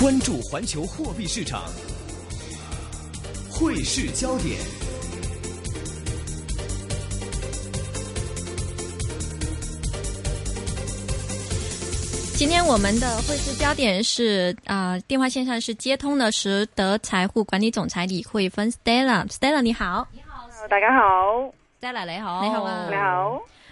關注環球貨幣市場，匯市焦點。今天我們的匯市焦點是啊、呃，電話線上是接通的，實德財富管理總裁李慧芬 St，Stella，Stella 你好，你好，大家好，Stella 你好，你好啊，你好。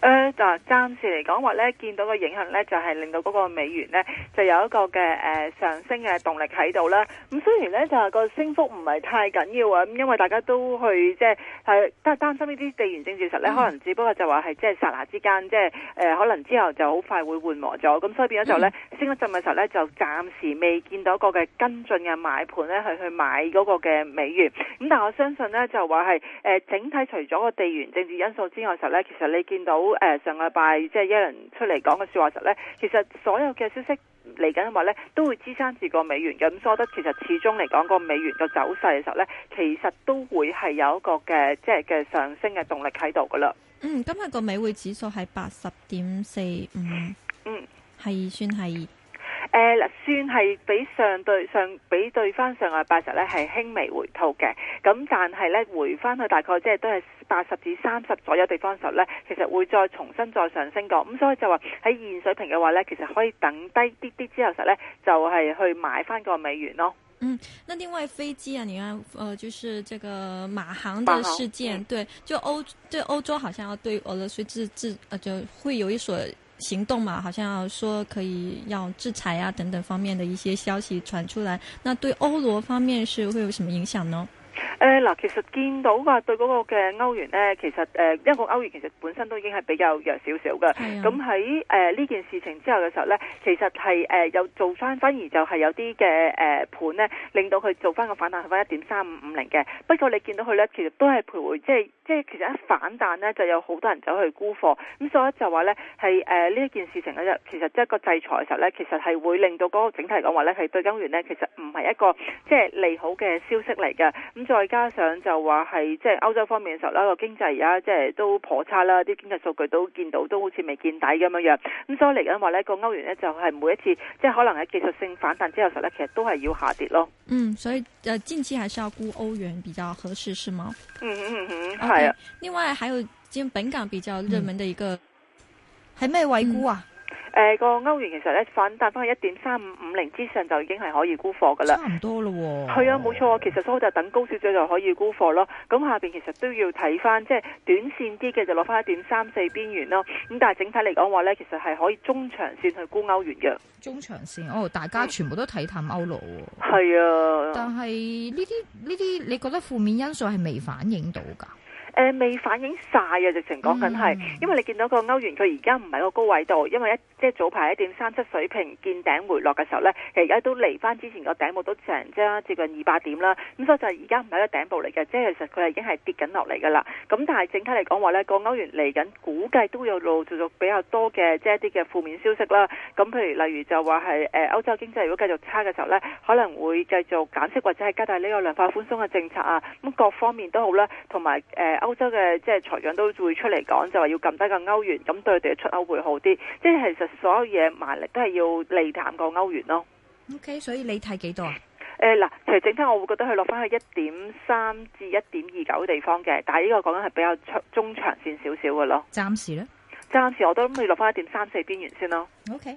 誒，嗱、呃，暫時嚟講話咧，見到個影響咧，就係、是、令到嗰個美元咧，就有一個嘅誒、呃、上升嘅動力喺度啦。咁雖然咧就係、是、個升幅唔係太緊要啊，咁因為大家都去即係係擔心呢啲地緣政治實咧，嗯、可能只不過就話係即係剎那之間，即係誒可能之後就好快會緩和咗。咁所以變咗就咧、嗯、升一陣嘅時候咧，就暫時未見到個嘅跟進嘅買盤咧去去買嗰個嘅美元。咁但係我相信咧就話係誒整體除咗個地緣政治因素之外時候咧，其實你見到。好誒、呃，上個禮拜即係一人出嚟講嘅說的話時候咧，其實所有嘅消息嚟緊嘅話咧，都會支撐住個美元。咁所以得，其實始終嚟講個美元嘅走勢嘅時候咧，其實都會係有一個嘅即係嘅上升嘅動力喺度噶啦。嗯，今日個美匯指數係八十點四五，嗯，係算係。誒、uh, 算係比上對上比對翻上個八十咧，係輕微回吐嘅。咁但係咧，回翻去大概即係都係八十至三十左右地方時候咧，其實會再重新再上升過。咁所以就話喺現水平嘅話咧，其實可以等低啲啲之後實咧，就係、是、去買翻個美元咯。嗯，那另外飛機啊，你看，呃，就是這個馬航嘅事件，航對，就歐對歐洲好像要對俄羅斯制制，就會有一所。行動嘛，好像說可以要制裁啊等等方面的一些消息傳出來，那對歐羅方面是會有什麼影響呢？誒嗱、呃，其實見到話對嗰個嘅歐元咧，其實誒、呃、因為歐元其實本身都已經係比較弱少少嘅，咁喺誒呢件事情之後嘅時候咧，其實係誒有做翻，反而就係有啲嘅誒盤咧，令到佢做翻個反彈去翻一點三五五零嘅。不過你見到佢咧，其實都係徘徊，即係即係其實一反彈咧，就有好多人走去沽貨。咁所以就話咧，係誒呢一件事情嘅，其實即係個制裁嘅時候咧，其實係會令到嗰個整體嚟講話咧，係對歐元咧，其實唔係一個即係、就是、利好嘅消息嚟嘅。咁再加上就話係即係歐洲方面嘅時候啦，個經濟而家即係都頗差啦，啲經濟數據都見到都好似未見底咁樣樣。咁所以嚟緊話呢個歐元呢，就係每一次即係、就是、可能喺技術性反彈之後時候呢，其實都係要下跌咯。嗯，所以誒、呃、近期還是要估歐元比較合適是嗎？嗯哼，嗯嗯係 Okay, 啊，另外還有今本港比較熱門的一個係咩？維、嗯、估啊？嗯誒、呃那個歐元其實咧反彈翻去一點三五五零之上就已經係可以沽貨噶啦，差唔多啦喎、哦。係啊，冇錯，其實都就等高少少就可以沽貨咯。咁下面其實都要睇翻，即係短線啲嘅就攞翻一點三四邊緣咯。咁但係整體嚟講話咧，其實係可以中長線去沽歐元嘅。中長線哦，大家全部都睇淡歐羅喎。係、嗯、啊，但係呢啲呢啲，你覺得負面因素係未反映到㗎？誒未、呃、反映晒啊！直情講緊係，嗯、因為你見到個歐元佢而家唔係個高位度，因為一即係、即係、早排一點三七水平見頂回落嘅時候咧，其實而家都嚟翻之前個頂部都淨啫，接近二百點啦。咁所以就而家唔係一個頂部嚟嘅，即係其實佢係已經係跌緊落嚟噶啦。咁但係整體嚟講話呢，個歐元嚟緊估計都有陸續續比較多嘅即係一啲嘅負面消息啦。咁譬如例如就話係誒歐洲經濟如果繼續差嘅時候咧，可能會繼續減息或者係加大呢個量化寬鬆嘅政策啊。咁各方面都好啦，同埋誒。呃歐洲嘅即係財長都會出嚟講，就話要撳低個歐元，咁對佢哋出歐會好啲。即係其實所有嘢賣力都係要利淡過歐元咯。O、okay, K，所以你睇幾多啊？誒嗱、呃，其實整體我會覺得佢落翻去一點三至一點二九嘅地方嘅，但係呢個講緊係比較長中長線少少嘅咯。暫時咧，暫時我都諗落翻一點三四邊緣先咯。O K。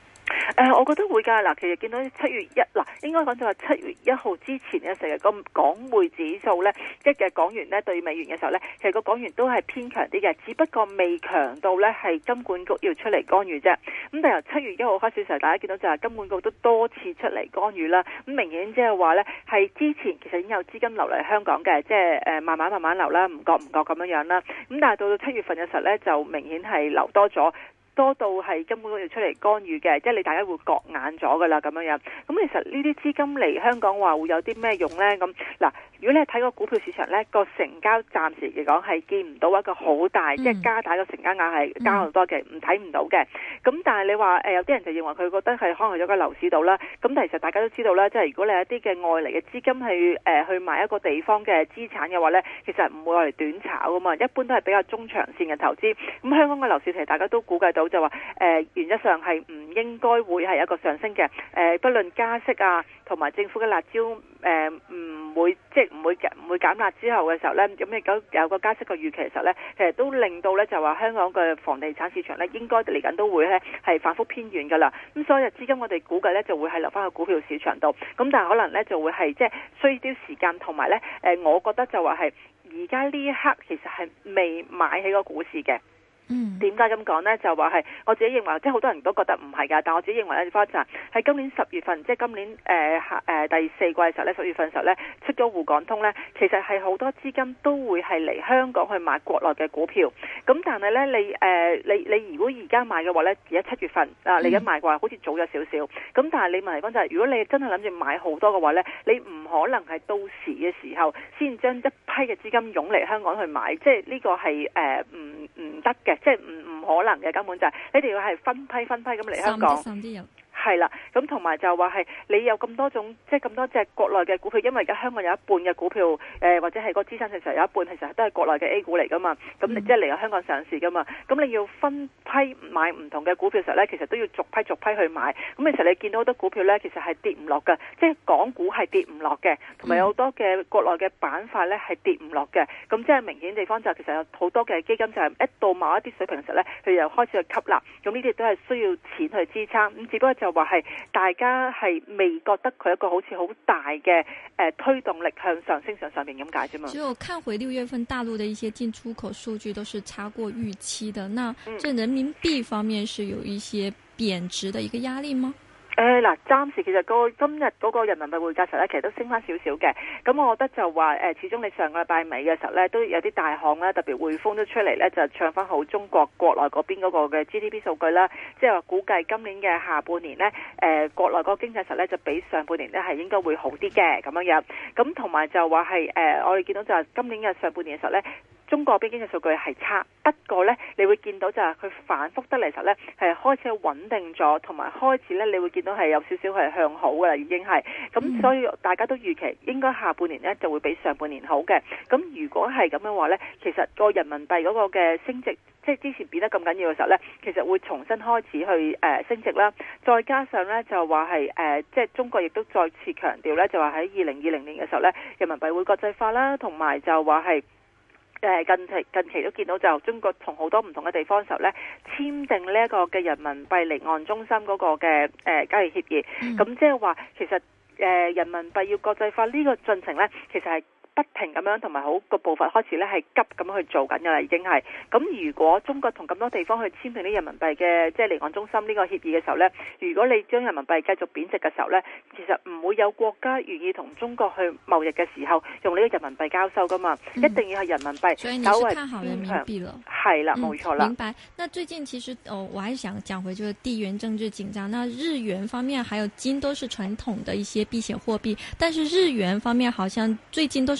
誒、呃，我覺得會㗎嗱，其實見到七月一嗱，應該講就話七月一號之前嘅時候，個港匯指數咧，即係港元咧對美元嘅時候咧，其實個港元都係偏強啲嘅，只不過未強到咧係金管局要出嚟干預啫。咁但係由七月一號開始時候，大家見到就係金管局都多次出嚟干預啦。咁明顯即係話咧，係之前其實已經有資金流嚟香港嘅，即係誒慢慢慢慢流啦，唔覺唔覺咁樣樣啦。咁但係到到七月份嘅時候咧，就明顯係流多咗。多到係根本要出嚟干預嘅，即係你大家會覺眼咗㗎啦咁樣樣。咁其實呢啲資金嚟香港話會有啲咩用呢？咁嗱，如果你睇個股票市場呢，個成交暫時嚟講係見唔到一個好大，即係加大個成交額係加好多嘅，唔睇唔到嘅。咁但係你話誒有啲人就認為佢覺得係可能有個樓市度啦。咁其實大家都知道啦，即係如果你有啲嘅外嚟嘅資金去誒去買一個地方嘅資產嘅話呢，其實唔會嚟短炒噶嘛，一般都係比較中長線嘅投資。咁香港嘅樓市其實大家都估計到。就話誒、呃，原則上係唔應該會係一個上升嘅，誒、呃，不論加息啊，同埋政府嘅辣招誒，唔、呃、會即係唔會唔會減辣之後嘅時候咧，咁亦都有個加息嘅預期嘅時候咧，其實都令到咧就話香港嘅房地產市場咧，應該嚟緊都會咧係反復偏軟噶啦。咁所以資金我哋估計咧就會係留翻去股票市場度，咁但係可能咧就會係即係需要啲時間，同埋咧誒，我覺得就話係而家呢一刻其實係未買起個股市嘅。點解咁講呢？就話係我自己認為，即係好多人都覺得唔係㗎。但我自己認為呢，翻就係、是、喺今年十月份，即係今年誒、呃、第四季嘅時候咧，十月份嘅時候咧，出咗滬港通咧，其實係好多資金都會係嚟香港去買國內嘅股票。咁但係咧，你誒、呃、你你如果而家買嘅話咧，而家七月份啊你而家買嘅話，好似早咗少少。咁但係你問題講就係，如果你真係諗住買好多嘅話咧，你唔可能係到時嘅時候先將一批嘅資金湧嚟香港去買，即係呢個係誒唔唔得嘅。即係唔唔可能嘅，根本就係、係、你哋要係分批分批咁嚟香港。係啦，咁同埋就話係你有咁多種，即係咁多隻國內嘅股票，因為而家香港有一半嘅股票，誒、呃、或者係個資產上實有一半其實都係國內嘅 A 股嚟噶嘛，咁你即係嚟香港上市噶嘛，咁你要分批買唔同嘅股票時候咧，其實都要逐批逐批去買。咁其實你見到好多股票咧，其實係跌唔落嘅，即、就、係、是、港股係跌唔落嘅，同埋有好多嘅國內嘅板塊咧係跌唔落嘅。咁即係明顯地方就其實有好多嘅基金就係一到某一啲水平嘅時候咧，佢又開始去吸納。咁呢啲都係需要錢去支撐，咁只不過就。話係大家係未覺得佢一個好似好大嘅誒、呃、推動力向上升上上面咁解啫嘛？只有我看回六月份大陸的一些進出口數據都是差過預期的，那這人民幣方面是有一些貶值的一個壓力嗎？誒嗱，暫時其實嗰今日嗰個人民幣匯價實咧，其實都升翻少少嘅。咁我覺得就話誒，始終你上個禮拜尾嘅時候咧，都有啲大行咧，特別匯豐都出嚟咧，就唱翻好中國國內嗰邊嗰個嘅 GDP 數據啦。即係話估計今年嘅下半年呢，誒國內個經濟實咧就比上半年呢係應該會好啲嘅咁樣樣。咁同埋就話係誒，我哋見到就係今年嘅上半年嘅時候咧。中國北京嘅數據係差，不過呢，你會見到就係佢反覆得嚟時候呢，係開始穩定咗，同埋開始呢，你會見到係有少少係向好噶啦，已經係咁，所以大家都預期應該下半年呢就會比上半年好嘅。咁如果係咁樣話呢，其實個人民幣嗰個嘅升值，即係之前變得咁緊要嘅時候呢，其實會重新開始去升值啦。再加上呢，就話係誒，即係中國亦都再次強調呢，就話喺二零二零年嘅時候呢，人民幣會國際化啦，同埋就話係。誒，近期近期都見到就中國同好多唔同嘅地方嘅時候咧，簽訂呢一個嘅人民幣離岸中心嗰個嘅誒交易協議，咁即係話其實、呃、人民幣要國際化呢個進程咧，其實係。不停咁樣同埋好個步伐開始咧係急咁樣去做緊噶啦，已經係咁。如果中國同咁多地方去簽訂啲人民幣嘅即係離岸中心呢個協議嘅時候咧，如果你將人民幣繼續貶值嘅時候咧，其實唔會有國家願意同中國去貿易嘅時候用呢個人民幣交收噶嘛，一定要係人民幣，嗯。所以你是看好人民幣咯？係啦，嗯，冇錯啦，嗯。明白。那最近其實，哦，我還想講回，就是地緣政治緊張。那日元方面，還有金都是傳統的一些避險貨幣，但是日元方面好像最近都。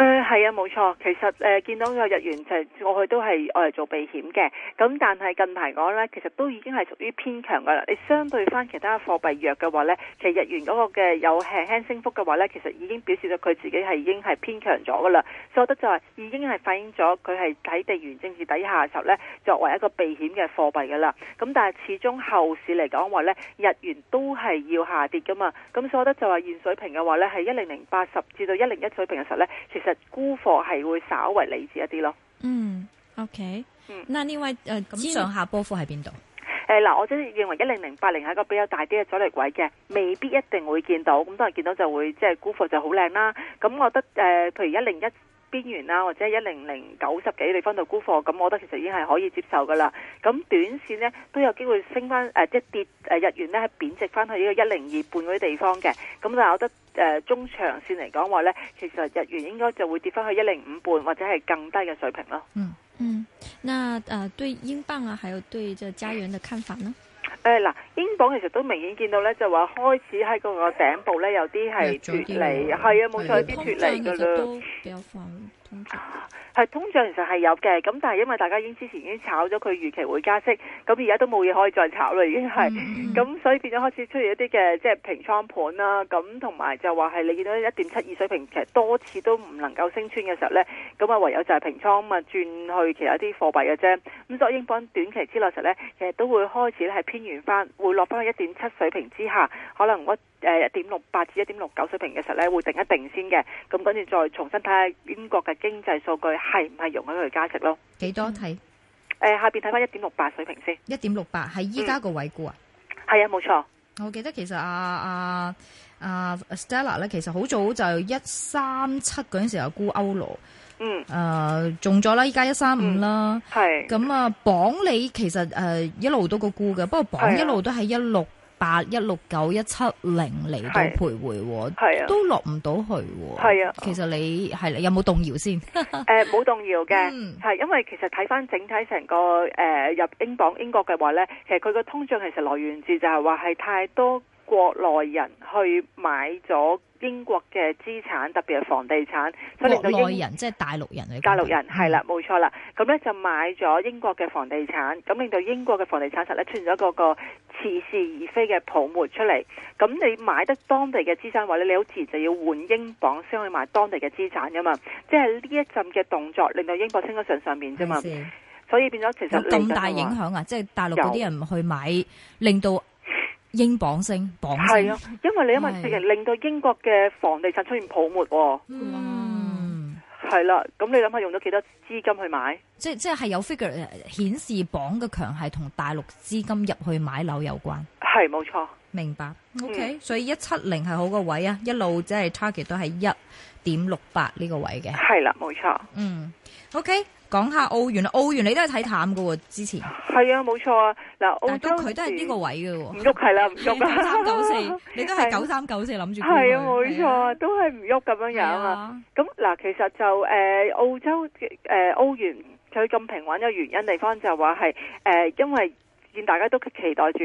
誒係、呃、啊，冇錯。其實誒、呃、見到個日元就係、是、過去都係嚟做避險嘅。咁但係近排講呢，其實都已經係屬於偏強噶啦。你相對翻其他貨幣弱嘅話呢，其實日元嗰個嘅有輕輕升幅嘅話呢，其實已經表示咗佢自己係已經係偏強咗噶啦。所以我覺得就係已經係反映咗佢係喺地緣政治底下嘅時候呢，作為一個避險嘅貨幣噶啦。咁但係始終後市嚟講話呢，日元都係要下跌噶嘛。咁所以我覺得就係現水平嘅話呢，係一零零八十至到一零一水平嘅時候呢。其實沽貨係會稍為理智一啲咯。嗯，OK，嗯，嗱、okay. 嗯，另外誒，之、呃、道上下波幅喺邊度？誒，嗱，我真係認為一零零八零係一個比較大啲嘅阻力位嘅，未必一定會見到。咁、嗯、當然見到就會即係沽貨就好靚啦。咁、嗯、我覺得誒、呃，譬如一零一邊緣啦，或者一零零九十幾你分到沽貨，咁、嗯、我覺得其實已經係可以接受噶啦。咁、嗯、短線呢都有機會升翻誒，即、呃、係跌誒、呃，日元咧係貶值翻去呢個一零二半嗰啲地方嘅。咁、嗯、但係我覺得。誒、呃，中長線嚟講話咧，其實日元應該就會跌翻去一零五半或者係更低嘅水平咯。嗯嗯，那誒、呃、對英磅啊，還有對這加元的看法呢？誒嗱、呃，英磅其實都明顯見到咧，就話開始喺嗰個頂部咧有啲係脱離，係啊，冇錯，有啲脱離嘅嘞。比較係通脹其實係有嘅，咁但係因為大家已經之前已經炒咗佢預期會加息，咁而家都冇嘢可以再炒啦，已經係，咁、mm hmm. 所以變咗開始出現一啲嘅即係平倉盤啦、啊，咁同埋就話係你見到一點七二水平其實多次都唔能夠升穿嘅時候呢。咁啊唯有就係平倉，咁啊轉去其他啲貨幣嘅啫。咁所以英鎊短期之內時候呢，其實都會開始咧係偏軟翻，會落翻去一點七水平之下，可能我。誒，一點六八至一點六九水平嘅時候咧，會定一定先嘅，咁跟住再重新睇下英國嘅經濟數據係唔係容許佢嘅加息咯？幾多睇少？誒、嗯呃，下邊睇翻一點六八水平先。一點六八係依家個位沽啊？係啊，冇錯。我記得其實阿阿阿 Stella 咧，其實好早就一三七嗰陣時候沽歐羅，嗯，誒、呃，中咗啦，依家一三五啦，係、嗯。咁啊，綁你其實誒、啊、一路都個沽嘅，不過綁一路都係一六。八一六九一七零嚟到徘徊，係啊的，都落唔到去，係啊的。其實你係有冇動搖先？誒 冇、呃、動搖嘅，係、嗯、因為其實睇翻整體成個誒、呃、入英鎊、英國嘅話，呢其實佢個通脹其實來源自就係話，係太多國內人去買咗。英國嘅資產特別係房地產，所以令到英國人即係大陸人、大陸人係啦，冇、嗯、錯啦。咁咧就買咗英國嘅房地產，咁令到英國嘅房地產實咧出現咗一個個似是而非嘅泡沫出嚟。咁你買得當地嘅資產話咧，你好似就要換英鎊先可以買當地嘅資產噶嘛。即係呢一陣嘅動作令到英國升得上上面啫嘛。I see. 所以變咗其實咁大影響啊！即係大陸啲人去買，有令到。英鎊升，係啊，因為你因為直情令到英國嘅房地產出現泡沫，嗯，係啦、啊，咁你諗下用咗幾多資金去買，即即係有 figure 顯示，鎊嘅強勢同大陸資金入去買樓有關。係冇錯，錯，明白。嗯、o、okay, K，所以一七零係好個位啊，一路即係 target 都係一點六八呢個位嘅。係啦，冇錯。嗯，O K，講下澳元，澳元你都係睇淡噶喎，之前是。係啊，冇錯啊。嗱，澳洲佢都係呢個位噶喎。唔喐係啦，唔喐啦。九三九四， 4，你都係九三九四諗住。係啊的，冇錯，錯的都係唔喐咁樣樣啊。咁嗱的的，其實就誒、呃、澳洲誒、呃、澳元佢咁平穩嘅原因地方就話係誒因為見大家都期待住。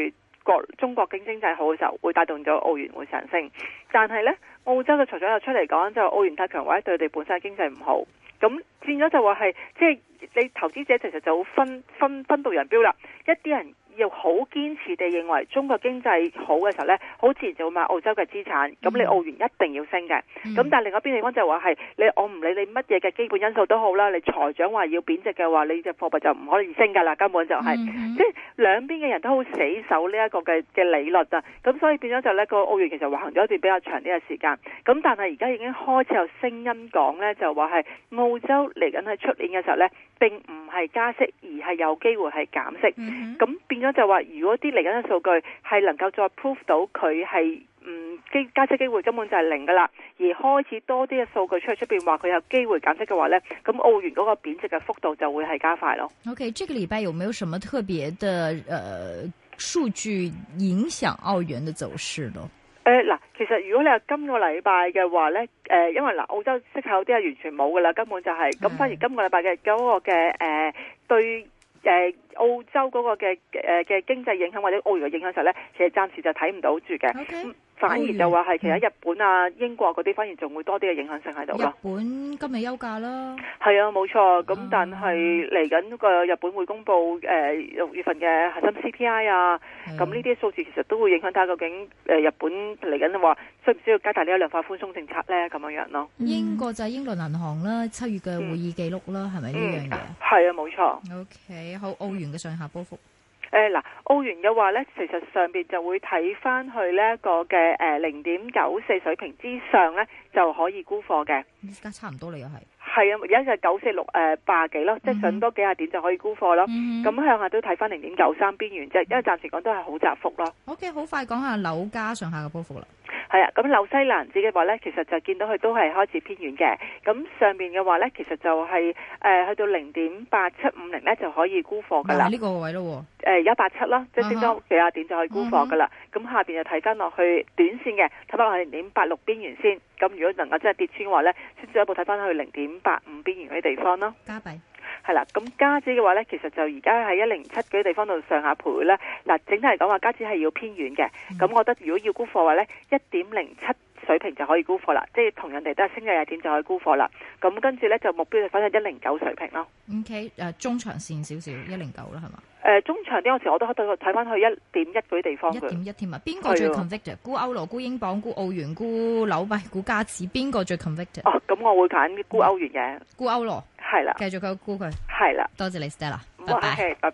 國中國經經濟好嘅時候，會帶動咗澳元會上升。但係呢，澳洲嘅財長又出嚟講，就澳元太強，或者佢哋本身嘅經濟唔好，咁變咗就話係，即係你投資者其實就好分分分道揚鑣啦，一啲人。要好堅持地認為中國經濟好嘅時候呢，好自然就會買澳洲嘅資產，咁你澳元一定要升嘅。咁、mm hmm. 但係另一邊地方就話係你我唔理你乜嘢嘅基本因素都好啦，你財長話要貶值嘅話，你隻貨幣就唔可以升㗎啦，根本就係。mm hmm. 即係兩邊嘅人都好死守呢一個嘅嘅理論啊。咁所以變咗就呢個澳元其實橫咗一段比較長啲嘅時間。咁但係而家已經開始有聲音講呢，就話係澳洲嚟緊喺出年嘅時候呢，並唔係加息，而係有機會係減息。咁、mm hmm. 變。咁就話，如果啲嚟緊嘅數據係能夠再 prove 到佢係嗯，加息機會根本就係零噶啦，而開始多啲嘅數據出喺出邊話佢有機會減息嘅話咧，咁澳元嗰個貶值嘅幅度就會係加快咯。OK，呢個禮拜有冇有什麼特別嘅誒數據影響澳元嘅走勢咯？誒嗱、呃，其實如果你話今個禮拜嘅話咧，誒、呃，因為嗱、呃、澳洲息口啲係完全冇噶啦，根本就係、是、咁反而今個禮拜嘅嗰個嘅誒的、呃、對。誒澳洲嗰個嘅誒嘅經濟影響或者澳元嘅影響時候咧，其實暫時就睇唔到住嘅。反而就話係其實日本啊、嗯、英國嗰啲，反而仲會多啲嘅影響性喺度噶。日本今日休假啦。係啊，冇錯。咁但係嚟緊個日本會公布誒六、呃、月份嘅核心 CPI 啊，咁呢啲數字其實都會影響睇下究竟、呃、日本嚟緊話需唔需要加大呢個量化寬鬆政策咧咁樣樣咯。英國就係英倫銀行啦，七月嘅會議記錄啦，係咪呢樣嘢？係、這個嗯嗯、啊，冇錯。O、okay, K，好，澳元嘅上下波幅。嗯誒，嗱、呃，澳元嘅話咧，其實上邊就會睇翻去呢一個嘅誒零點九四水平之上咧，就可以沽貨嘅，而家差唔多啦又係，係啊，而家係九四六誒八廿幾咯，嗯、哼即係上多幾下點就可以沽貨咯。咁、嗯、哼向下都睇翻零點九三邊緣啫，因為暫時講都係好窄幅咯。OK，好快講下樓價上下嘅波幅啦。係啊，咁紐西蘭紙嘅話咧，其實就見到佢都係開始偏軟嘅。咁上邊嘅話咧，其實就係、是、誒、呃、去到零點八七五零咧就可以沽貨噶啦。呢個位、哦呃、咯，誒一八七啦，即係升咗幾啊點就可以沽貨噶啦。咁、uh huh. uh huh. 下邊就睇翻落去短線嘅，睇翻落去零點八六邊緣先。咁如果能夠真係跌穿嘅話咧，先進一步睇翻去零點八五邊緣嘅地方囉。係啦，咁加紙嘅話呢，其實就而家喺一零七幾地方度上下徘徊啦。嗱，整體嚟講話，加紙係要偏遠嘅。咁我覺得如果要沽貨話呢，一點零七，水平就可以沽貨啦，即係同人哋都係升日日點就可以沽貨啦。咁跟住咧就目標就反正一零九水平咯。O K 誒，中長線少少一零九啦，係嘛？誒，uh, 中長啲我前我都睇到睇翻去一點一嗰啲地方，一點一添啊。邊個最 convicted？沽歐羅、沽英鎊、沽澳元、沽樓，唔係沽加紙，邊個最 convicted？哦，咁、oh, 我會揀沽歐元嘅，沽歐羅係啦，繼續佢沽佢係啦，多謝你 Stella，拜拜。